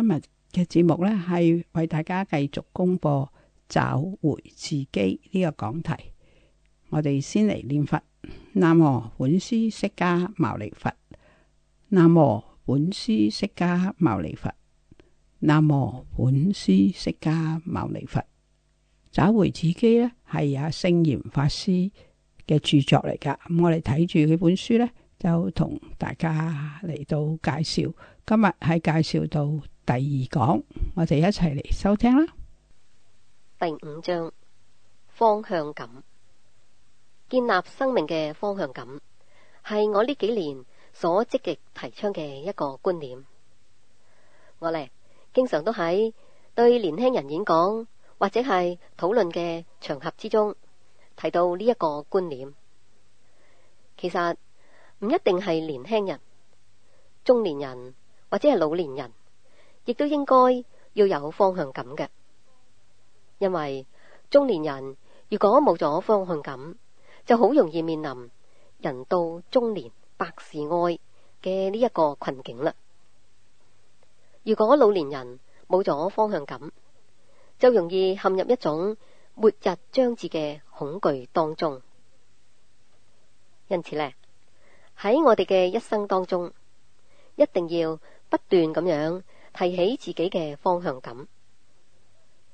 今日嘅節目呢，係為大家繼續公布找回自己呢個講題。我哋先嚟念佛：南無本師釋迦牟尼佛，南無本師釋迦牟尼佛，南無本師釋迦牟尼佛。找回自己呢，係阿聖嚴法師嘅著作嚟噶。咁我哋睇住佢本書呢，就同大家嚟到介紹。今日係介紹到。第二講，我哋一齊嚟收聽啦。第五章方向感，建立生命嘅方向感係我呢幾年所積極提倡嘅一個觀念。我呢經常都喺對年輕人演講或者係討論嘅場合之中提到呢一個觀念。其實唔一定係年輕人、中年人或者係老年人。亦都應該要有方向感嘅，因為中年人如果冇咗方向感，就好容易面臨人到中年百事哀嘅呢一個困境啦。如果老年人冇咗方向感，就容易陷入一種末日將至嘅恐懼當中。因此呢，喺我哋嘅一生當中，一定要不斷咁樣。提起自己嘅方向感，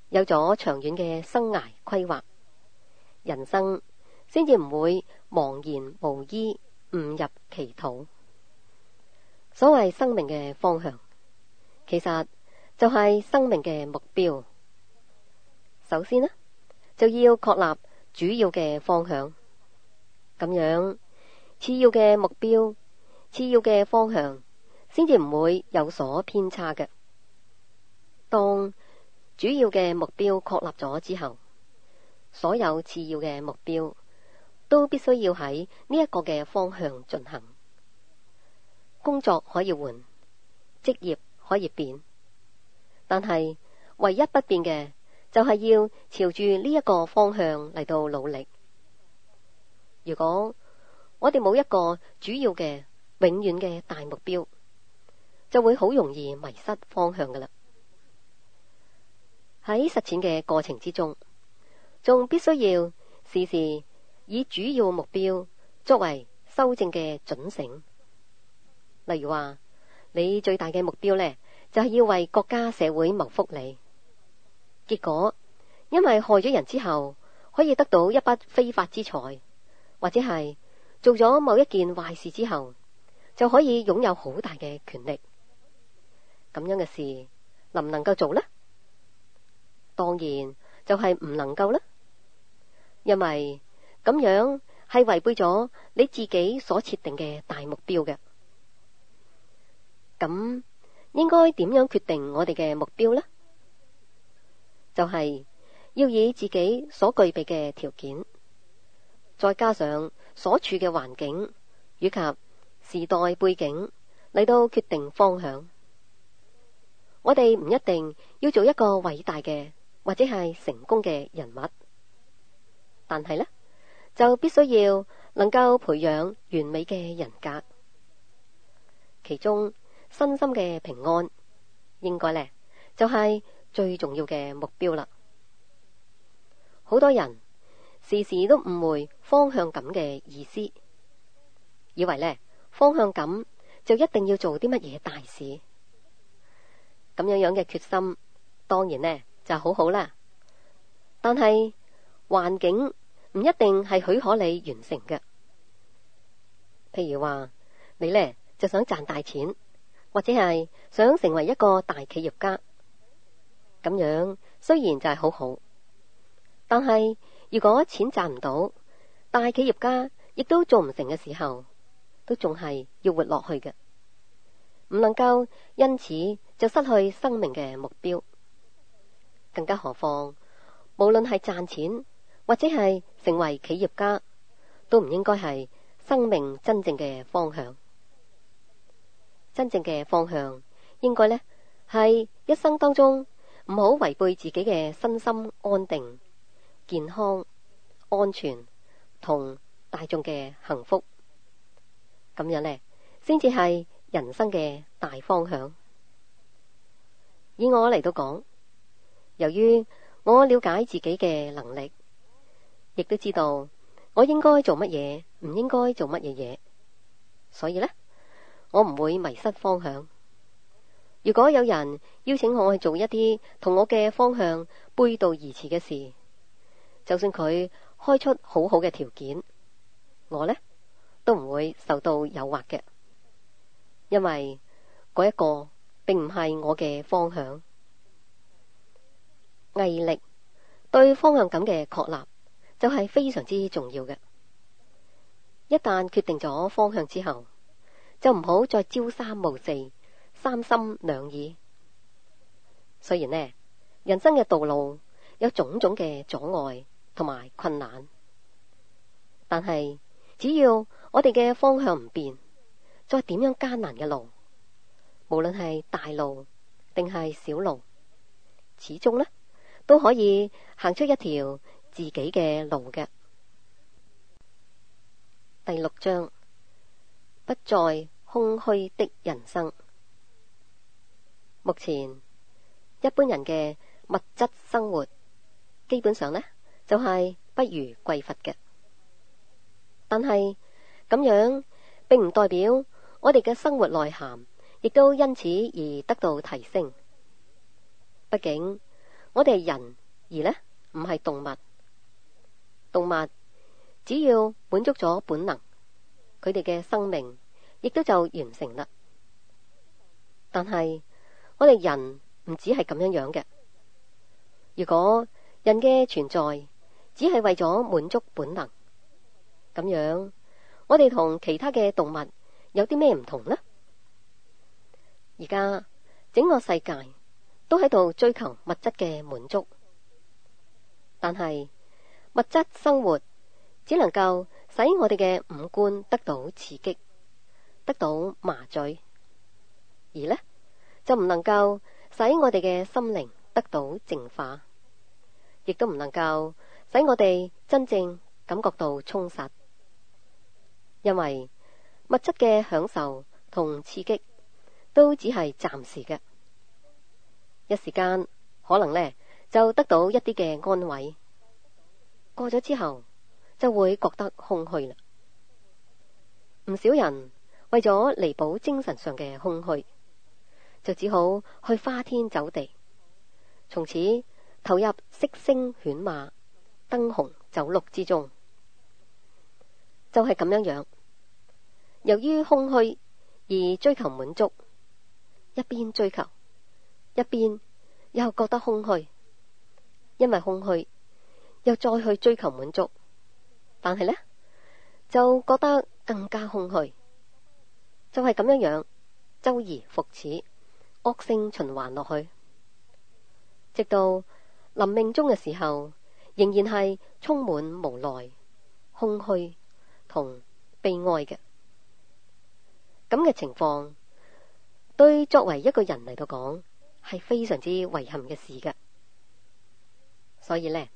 有咗長遠嘅生涯規劃，人生先至唔會茫然無依、誤入歧途。所謂生命嘅方向，其實就係生命嘅目標。首先呢，就要確立主要嘅方向，咁樣次要嘅目標、次要嘅方向先至唔會有所偏差嘅。當主要嘅目標確立咗之後，所有次要嘅目標都必須要喺呢一個嘅方向進行。工作可以換，職業可以變，但係唯一不變嘅就係、是、要朝住呢一個方向嚟到努力。如果我哋冇一個主要嘅、永遠嘅大目標，就會好容易迷失方向㗎喇。喺實踐嘅過程之中，仲必須要時時以主要目標作為修正嘅準繩。例如話，你最大嘅目標呢，就係要為國家社會謀福利。結果，因為害咗人之後，可以得到一筆非法之財，或者係做咗某一件壞事之後，就可以擁有好大嘅權力。咁樣嘅事，能唔能夠做呢？當然就係唔能夠啦，因為咁樣係違背咗你自己所設定嘅大目標嘅。咁應該點樣決定我哋嘅目標呢？就係要以自己所具備嘅條件，再加上所處嘅環境以及時代背景嚟到決定方向。我哋唔一定要做一個偉大嘅。或者係成功嘅人物，但係呢，就必須要能夠培養完美嘅人格，其中身心嘅平安應該呢，就係、是、最重要嘅目標啦。好多人時時都誤會方向感嘅意思，以為呢「方向感」就一定要做啲乜嘢大事。咁樣樣嘅決心，當然呢。就好好啦，但係環境唔一定係許可你完成嘅。譬如話你呢，就想賺大錢，或者係想成為一個大企業家。咁樣雖然就係好好，但係如果錢賺唔到，大企業家亦都做唔成嘅時候，都仲係要活落去嘅。唔能夠因此就失去生命嘅目標。更加何況，無論係賺錢或者係成為企業家，都唔應該係生命真正嘅方向。真正嘅方向應該呢，係一生當中唔好違背自己嘅身心安定、健康、安全同大衆嘅幸福。咁樣呢，先至係人生嘅大方向。以我嚟到講。由於我了解自己嘅能力，亦都知道我應該做乜嘢，唔應該做乜嘢嘢，所以呢，我唔會迷失方向。如果有人邀請我去做一啲同我嘅方向背道而馳嘅事，就算佢開出好好嘅條件，我呢都唔會受到誘惑嘅，因為嗰一個並唔係我嘅方向。毅力對方向感嘅確立就係、是、非常之重要嘅。一旦決定咗方向之後，就唔好再朝三暮四、三心兩意。雖然呢，人生嘅道路有種種嘅阻礙同埋困難，但係只要我哋嘅方向唔變，再點樣艱難嘅路，無論係大路定係小路，始終呢，都可以行出一條自己嘅路嘅。第六章，不再空虛的人生。目前一般人嘅物質生活，基本上呢，就係不如貴佛嘅。但係咁樣，並唔代表我哋嘅生活內涵，亦都因此而得到提升。畢竟。我哋係人，而呢，唔係動物。動物只要滿足咗本能，佢哋嘅生命亦都就完成啦。但係我哋人唔止係咁樣樣嘅。如果人嘅存在只係為咗滿足本能，咁樣我哋同其他嘅動物有啲咩唔同呢？而家整個世界，都喺度追求物質嘅滿足，但係物質生活只能夠使我哋嘅五官得到刺激，得到麻醉，而呢，就唔能夠使我哋嘅心靈得到淨化，亦都唔能夠使我哋真正感覺到充實。因為物質嘅享受同刺激都只係暫時嘅。一時間可能呢，就得到一啲嘅安慰，過咗之後就會覺得空虛啦。唔少人為咗彌補精神上嘅空虛，就只好去花天酒地，從此投入色聲犬馬、燈紅酒綠之中，就係咁樣樣。由於空虛而追求滿足，一邊追求。一邊又覺得空虛，因為空虛又再去追求滿足，但係呢，就覺得更加空虛，就係咁樣樣周而復始惡性循環落去，直到臨命終嘅時候，仍然係充滿無奈、空虛同悲哀嘅咁嘅情況，對作為一個人嚟到講係非常之遺憾嘅事㗎，所以呢，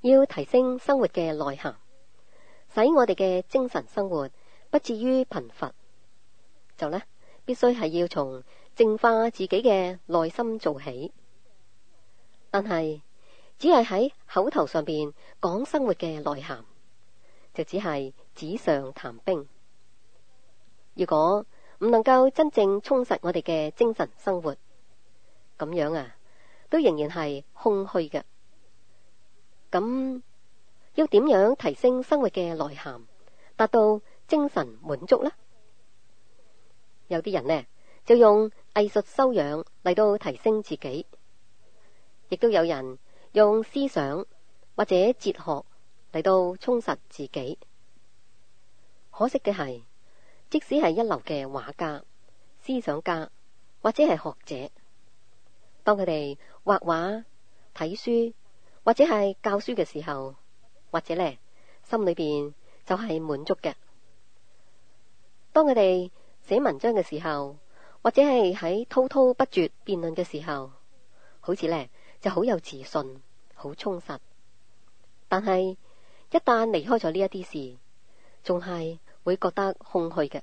要提升生活嘅內涵，使我哋嘅精神生活不至於貧乏，就呢，必須係要從淨化自己嘅內心做起。但係只係喺口頭上邊講生活嘅內涵，就只係紙上談兵。如果唔能夠真正充實我哋嘅精神生活。咁樣啊，都仍然係空虛嘅。咁，要點樣提升生活嘅內涵，達到精神滿足呢？有啲人呢，就用藝術修養嚟到提升自己，亦都有人用思想或者哲學嚟到充實自己。可惜嘅係，即使係一流嘅畫家、思想家，或者係學者。當佢哋畫畫、睇書或者係教書嘅時候，或者呢，心裏邊就係滿足嘅。當佢哋寫文章嘅時候，或者係喺滔滔不絕辯論嘅時候，好似呢，就好有自信，好充實。但係一旦離開咗呢一啲事，仲係會覺得空虛嘅。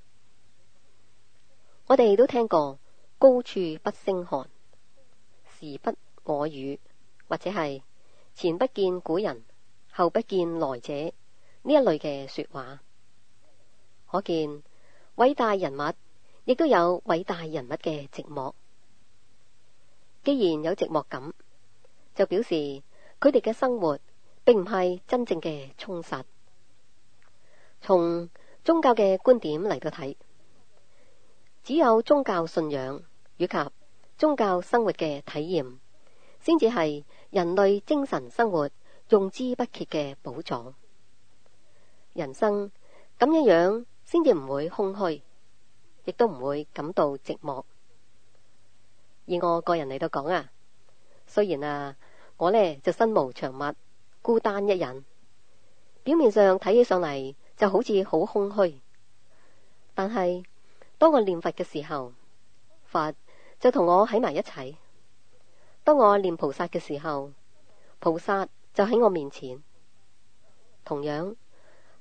我哋都聽過高處不勝寒。而不我與，或者係前不見古人，後不見來者，呢一類嘅說話，可見偉大人物亦都有偉大人物嘅寂寞。既然有寂寞感，就表示佢哋嘅生活並唔係真正嘅充實。從宗教嘅觀點嚟到睇，只有宗教信仰以及。宗教生活嘅體驗，先至係人類精神生活用之不竭嘅寶藏。人生咁樣樣，先至唔會空虛，亦都唔會感到寂寞。以我個人嚟到講啊，雖然啊，我呢就身無長物，孤單一人，表面上睇起上嚟就好似好空虛，但係當我念佛嘅時候，佛。就同我喺埋一齊。當我念菩薩嘅時候，菩薩就喺我面前。同樣，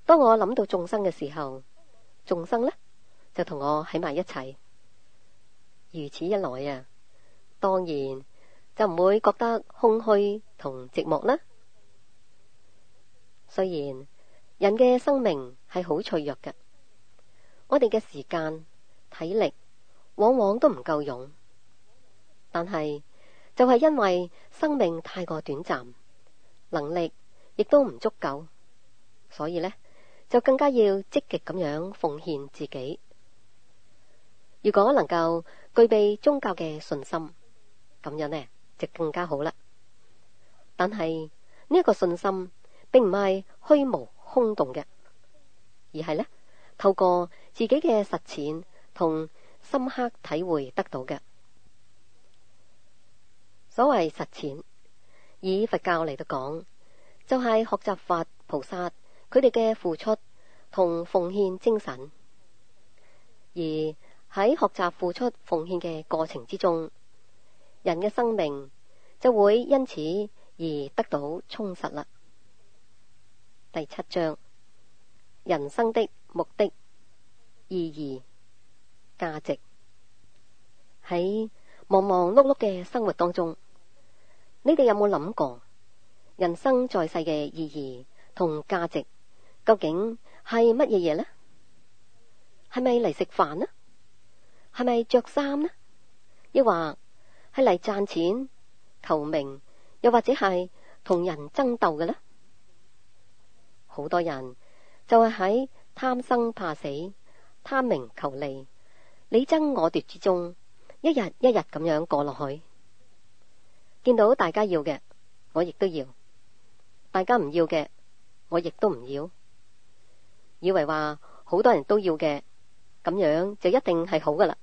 當我諗到眾生嘅時候，眾生呢，就同我喺埋一齊。如此一來啊，當然就唔會覺得空虛同寂寞啦。雖然人嘅生命係好脆弱嘅，我哋嘅時間、體力往往都唔夠用。但係，就係因為生命太過短暫，能力亦都唔足夠，所以呢，就更加要積極咁樣奉獻自己。如果能夠具備宗教嘅信心，咁樣呢，就更加好啦。但係呢一個信心，並唔係虛無空洞嘅，而係呢，透過自己嘅實踐同深刻體會得到嘅。所謂實踐，以佛教嚟到講，就係、是、學習佛菩薩佢哋嘅付出同奉獻精神，而喺學習付出奉獻嘅過程之中，人嘅生命就會因此而得到充實啦。第七章，人生的目的、意義、價值。喺忙忙碌碌嘅生活當中，你哋有冇諗過人生在世嘅意義同價值究竟係乜嘢嘢呢？係咪嚟食飯呢？係咪着衫呢？抑或係嚟賺錢求名？又或者係同人爭鬥嘅呢？好多人就係喺貪生怕死、貪名求利、你爭我奪之中。一日一日咁樣過落去，見到大家要嘅，我亦都要；大家唔要嘅，我亦都唔要。以為話好多人都要嘅，咁樣就一定係好噶啦。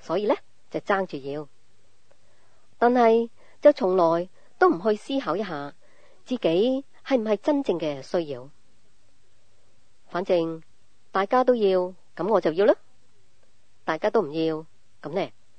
所以呢就爭住要，但係就從來都唔去思考一下自己係唔係真正嘅需要。反正大家都要，咁我就要啦。大家都唔要，咁呢。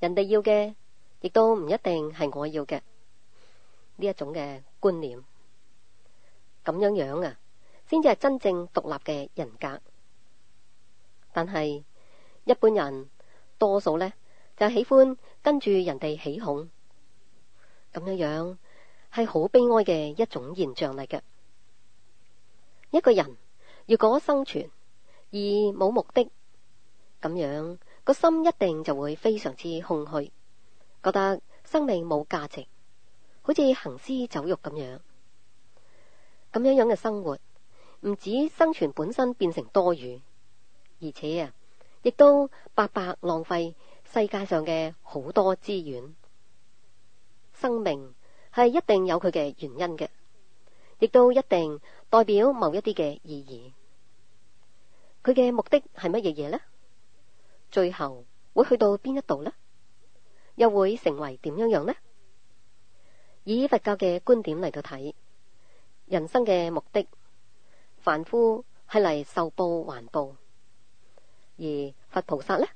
人哋要嘅，亦都唔一定係我要嘅呢一種嘅觀念。咁樣樣啊，先至係真正獨立嘅人格。但係一般人多數呢，就係喜歡跟住人哋起哄。咁樣樣係好悲哀嘅一種現象嚟嘅。一個人如果生存而冇目的，咁樣。個心一定就會非常之空虛，覺得生命冇價值，好似行屍走肉咁樣，咁樣樣嘅生活，唔止生存本身變成多餘，而且啊，亦都白白浪費世界上嘅好多資源。生命係一定有佢嘅原因嘅，亦都一定代表某一啲嘅意義。佢嘅目的係乜嘢嘢呢？最後會去到邊一度呢？又會成為點樣樣呢？以佛教嘅觀點嚟到睇人生嘅目的，凡夫係嚟受報還報，而佛菩薩呢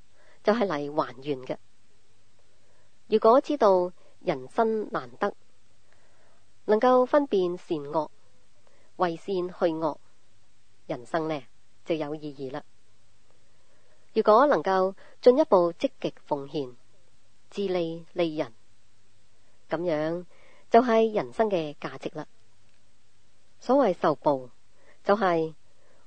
就係嚟還願嘅。如果知道人生難得，能夠分辨善惡，為善去惡，人生呢就有意義啦。如果能夠進一步積極奉獻、自利利人，咁樣就係人生嘅價值啦。所謂受報，就係、是、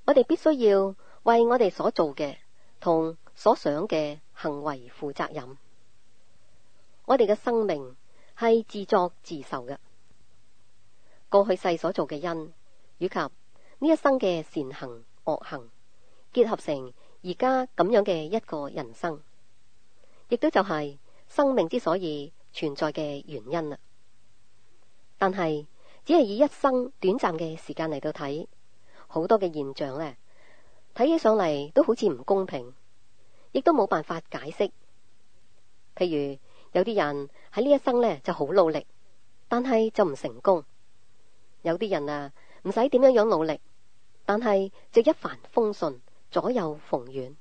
我哋必須要為我哋所做嘅同所想嘅行為負責任。我哋嘅生命係自作自受嘅，過去世所做嘅因，以及呢一生嘅善行惡行，結合成，而家咁樣嘅一個人生，亦都就係生命之所以存在嘅原因啦。但係只係以一生短暫嘅時間嚟到睇，好多嘅現象呢，睇起上嚟都好似唔公平，亦都冇辦法解釋。譬如有啲人喺呢一生呢就好努力，但係就唔成功；有啲人啊唔使點樣樣努力，但係就一帆風順。左右逢源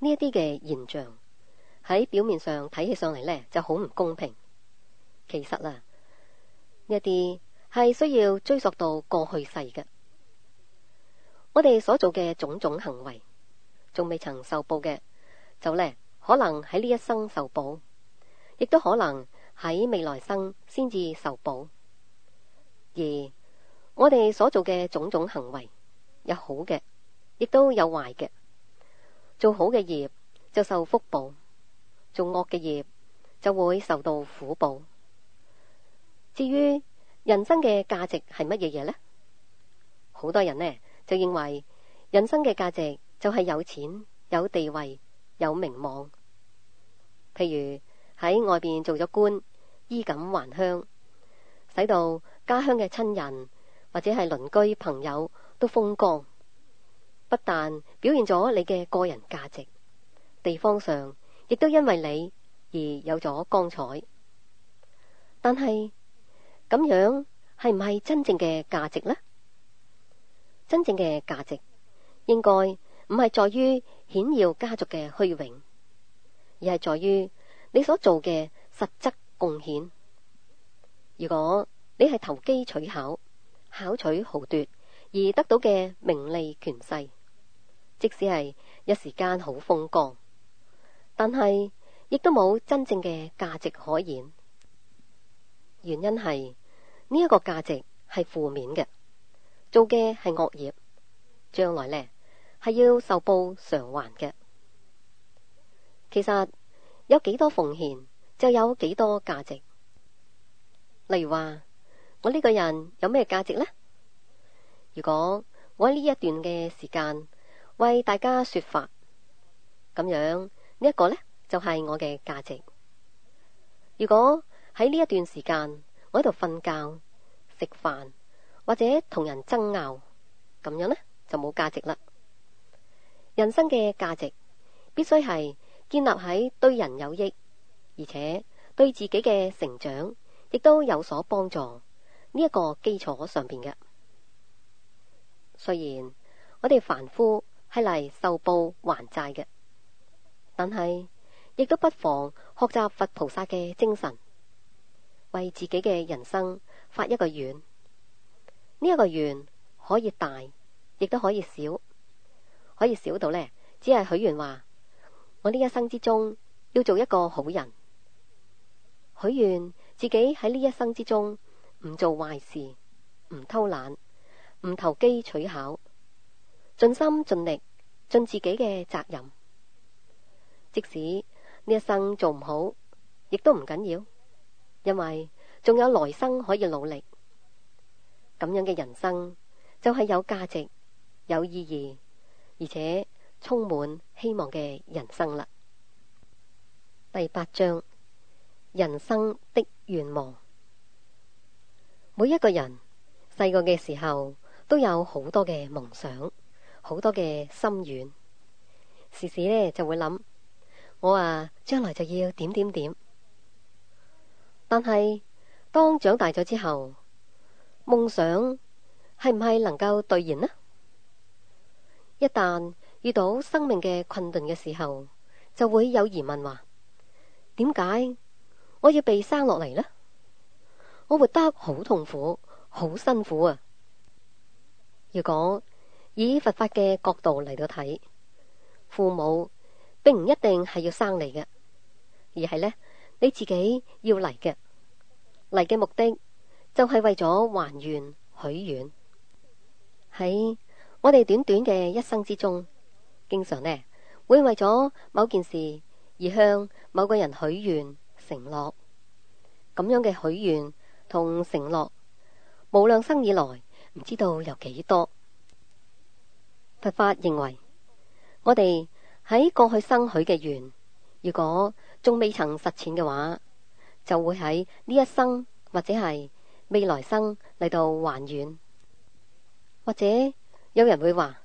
呢一啲嘅現象喺表面上睇起上嚟呢就好唔公平，其實啦一啲係需要追溯到過去世嘅，我哋所做嘅種種行為仲未曾受報嘅，就呢可能喺呢一生受報，亦都可能喺未來生先至受報。而我哋所做嘅種種行為有好嘅。亦都有壞嘅，做好嘅業就受福報，做惡嘅業就會受到苦報。至於人生嘅價值係乜嘢嘢呢？好多人呢就認為人生嘅價值就係有錢、有地位、有名望。譬如喺外邊做咗官，衣錦還鄉，使到家鄉嘅親人或者係鄰居朋友都風光。不但表現咗你嘅個人價值，地方上亦都因為你而有咗光彩。但係咁樣係唔係真正嘅價值呢？真正嘅價值應該唔係在於顯耀家族嘅虛榮，而係在於你所做嘅實質貢獻。如果你係投機取巧、巧取豪奪而得到嘅名利權勢。即使係一時間好風光，但係亦都冇真正嘅價值可言。原因係呢一個價值係負面嘅，做嘅係惡業，將來呢係要受報償還嘅。其實有幾多奉獻就有幾多價值。例如話我呢個人有咩價值呢？如果我喺呢一段嘅時間。為大家說法咁樣、這個、呢一個咧，就係、是、我嘅價值。如果喺呢一段時間，我喺度瞓覺、食飯或者同人爭拗，咁樣呢，就冇價值啦。人生嘅價值必須係建立喺對人有益，而且對自己嘅成長亦都有所幫助呢一個、這個基礎上邊嘅。雖然我哋凡夫。係嚟受報還債嘅，但係亦都不妨學習佛菩薩嘅精神，為自己嘅人生發一個願。呢一個願可以大，亦都可以小；可以小到咧，只係許願話：我呢一生之中要做一個好人，許願自己喺呢一生之中唔做壞事，唔偷懶，唔投機取巧。盡心盡力，盡自己嘅責任，即使呢一生做唔好，亦都唔緊要，因為仲有來生可以努力。咁樣嘅人生就係有價值、有意義，而且充滿希望嘅人生啦。第八章：人生的願望。每一個人細個嘅時候都有好多嘅夢想。好多嘅心願，時時呢就會諗，我啊將來就要點點點。但係當長大咗之後，夢想係唔係能夠兌現呢？一旦遇到生命嘅困頓嘅時候，就會有疑問話：點解我要被生落嚟呢？我活得好痛苦，好辛苦啊！如果以佛法嘅角度嚟到睇，父母並唔一定係要生嚟嘅，而係呢，你自己要嚟嘅，嚟嘅目的就係為咗還原許願。喺我哋短短嘅一生之中，經常呢會為咗某件事而向某個人許願承諾。咁樣嘅許願同承諾，無量生以來唔知道有幾多。佛法認為，我哋喺過去生許嘅願，如果仲未曾實踐嘅話，就會喺呢一生或者係未來生嚟到還願。或者有人會話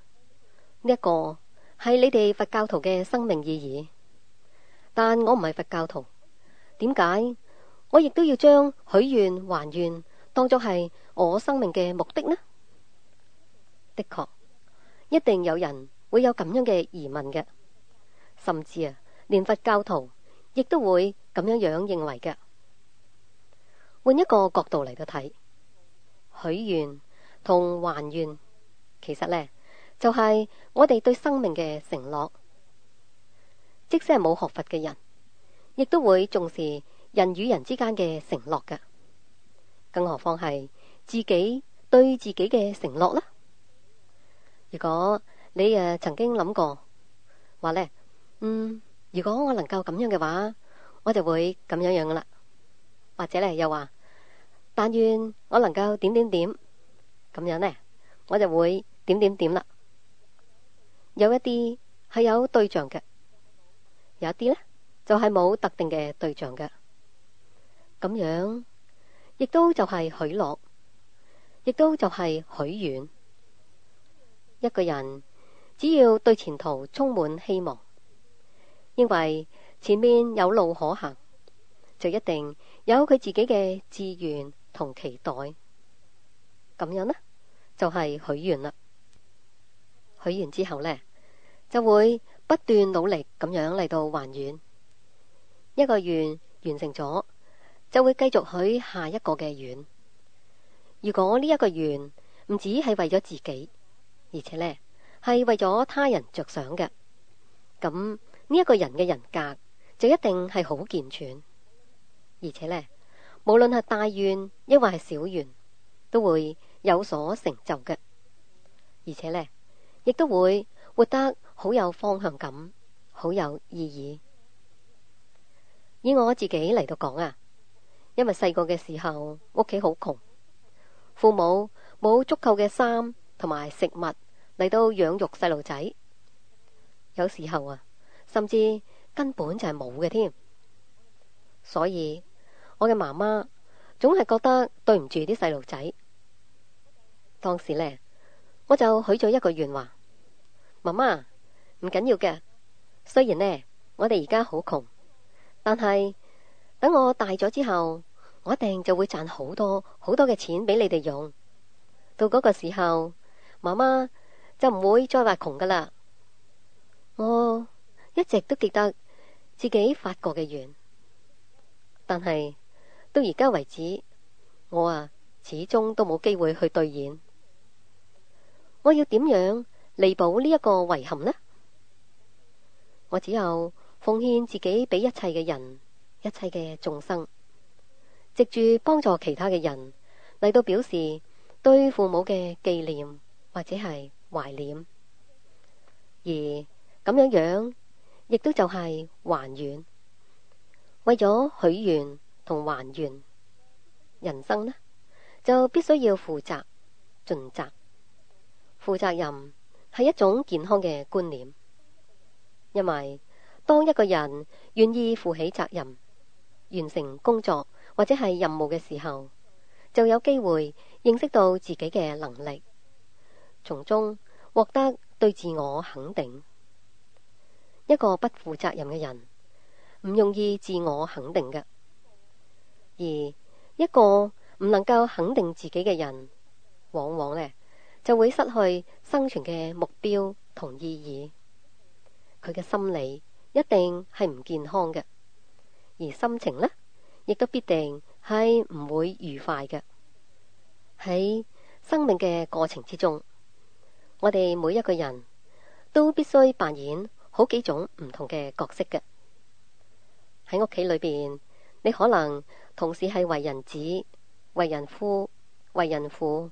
呢一個係你哋佛教徒嘅生命意義，但我唔係佛教徒，點解我亦都要將許願還願當作係我生命嘅目的呢？的確。一定有人會有咁樣嘅疑問嘅，甚至啊，連佛教徒亦都會咁樣樣認為嘅。換一個角度嚟到睇，許願同還願，其實呢，就係我哋對生命嘅承諾。即使係冇學佛嘅人，亦都會重視人與人之間嘅承諾嘅，更何況係自己對自己嘅承諾啦。如果你誒曾經諗過話呢，嗯，如果我能夠咁樣嘅話，我就會咁樣樣噶啦。或者呢，又話，但願我能夠點點點咁樣呢，我就會點點點啦。有一啲係有對象嘅，有一啲呢就係、是、冇特定嘅對象嘅。咁樣亦都就係許諾，亦都就係許願。亦都就一個人只要對前途充滿希望，因為前面有路可行，就一定有佢自己嘅志願同期待。咁樣呢，就係許願啦。許願之後呢，就會不斷努力咁樣嚟到還願。一個願完成咗，就會繼續許下一個嘅願。如果呢一個願唔止係為咗自己。而且呢，係為咗他人着想嘅，咁呢一個人嘅人格就一定係好健全，而且呢，無論係大願抑或係小願，都會有所成就嘅，而且呢，亦都會活得好有方向感，好有意義。以我自己嚟到講啊，因為細個嘅時候屋企好窮，父母冇足夠嘅衫。同埋食物嚟到養育細路仔，有時候啊，甚至根本就係冇嘅添。所以我嘅媽媽總係覺得對唔住啲細路仔。當時呢，我就許咗一個願話：「媽媽，唔緊要嘅。雖然呢，我哋而家好窮，但係等我大咗之後，我一定就會賺好多好多嘅錢俾你哋用。到嗰個時候，媽媽就唔會再話窮㗎喇。我一直都記得自己發過嘅願，但係到而家為止，我啊始終都冇機會去兌現。我要點樣彌補呢一個遺憾呢？我只有奉獻自己俾一切嘅人，一切嘅眾生，藉住幫助其他嘅人嚟到表示對父母嘅紀念。或者係懷念，而咁樣樣亦都就係還願。為咗許願同還願，人生呢就必須要負責盡責，負責任係一種健康嘅觀念，因為當一個人願意負起責任，完成工作或者係任務嘅時候，就有機會認識到自己嘅能力。從中獲得對自我肯定。一個不負責任嘅人唔容易自我肯定嘅，而一個唔能夠肯定自己嘅人，往往呢就會失去生存嘅目標同意義。佢嘅心理一定係唔健康嘅，而心情呢亦都必定係唔會愉快嘅。喺生命嘅過程之中。我哋每一個人都必須扮演好幾種唔同嘅角色嘅。喺屋企裏邊，你可能同時係為人子、為人夫、為人父；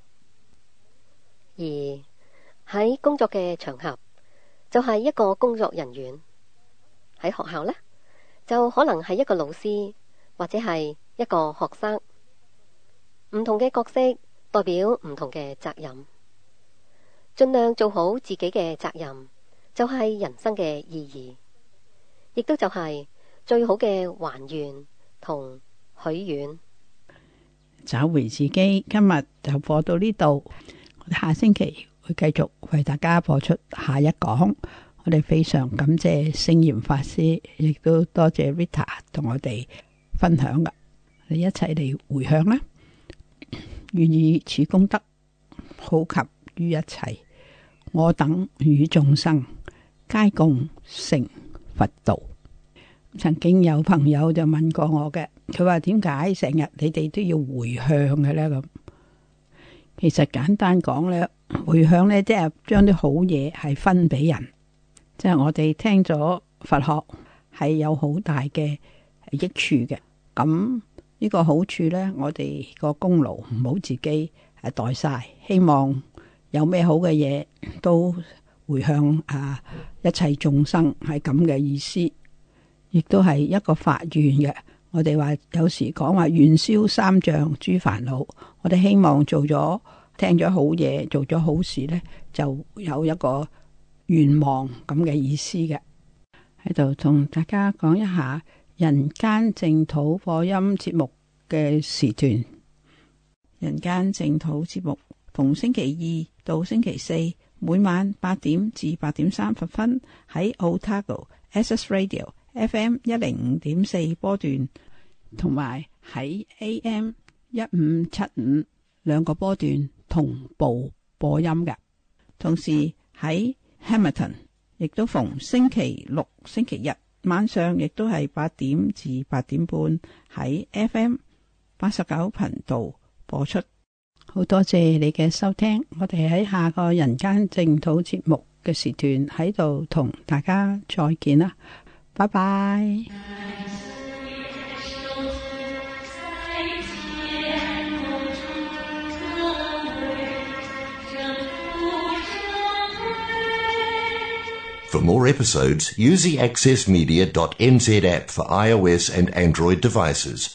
而喺工作嘅場合，就係一個工作人員。喺學校呢，就可能係一個老師或者係一個學生。唔同嘅角色代表唔同嘅責任。盡量做好自己嘅責任，就係人生嘅意義，亦都就係最好嘅還願同許願。找回自己，今日就播到呢度。我哋下星期會繼續為大家播出下一講。我哋非常感謝聖嚴法師，亦都多謝 Rita 同我哋分享噶。你一齊嚟回向啦！願意此功德普及於一切。我等與眾生皆共成佛道。曾經有朋友就問過我嘅，佢話點解成日你哋都要回向嘅呢？咁其實簡單講呢，回向呢，即係將啲好嘢係分俾人，即係我哋聽咗佛學係有好大嘅益處嘅。咁呢個好處呢，我哋個功勞唔好自己誒代晒，希望。有咩好嘅嘢，都回向啊！一切眾生係咁嘅意思，亦都係一個發願嘅。我哋話有時講話願消三障諸煩惱，我哋希望做咗聽咗好嘢，做咗好事咧，就有一個願望咁嘅意思嘅。喺度同大家講一下人間淨土播音節目嘅時段。人間淨土節目逢星期二。到星期四每晚八點至八點三十分喺 Otago SS Radio FM 一零五點四波段，同埋喺 AM 一五七五兩個波段同步播音嘅。同時喺 Hamilton，亦都逢星期六、星期日晚上，亦都係八點至八點半喺 FM 八十九頻道播出。好多謝你嘅收聽，我哋喺下個人間淨土節目嘅時段喺度同大家再見啦，拜拜。For more episodes, use the Access Media dot NZ app for iOS and Android devices.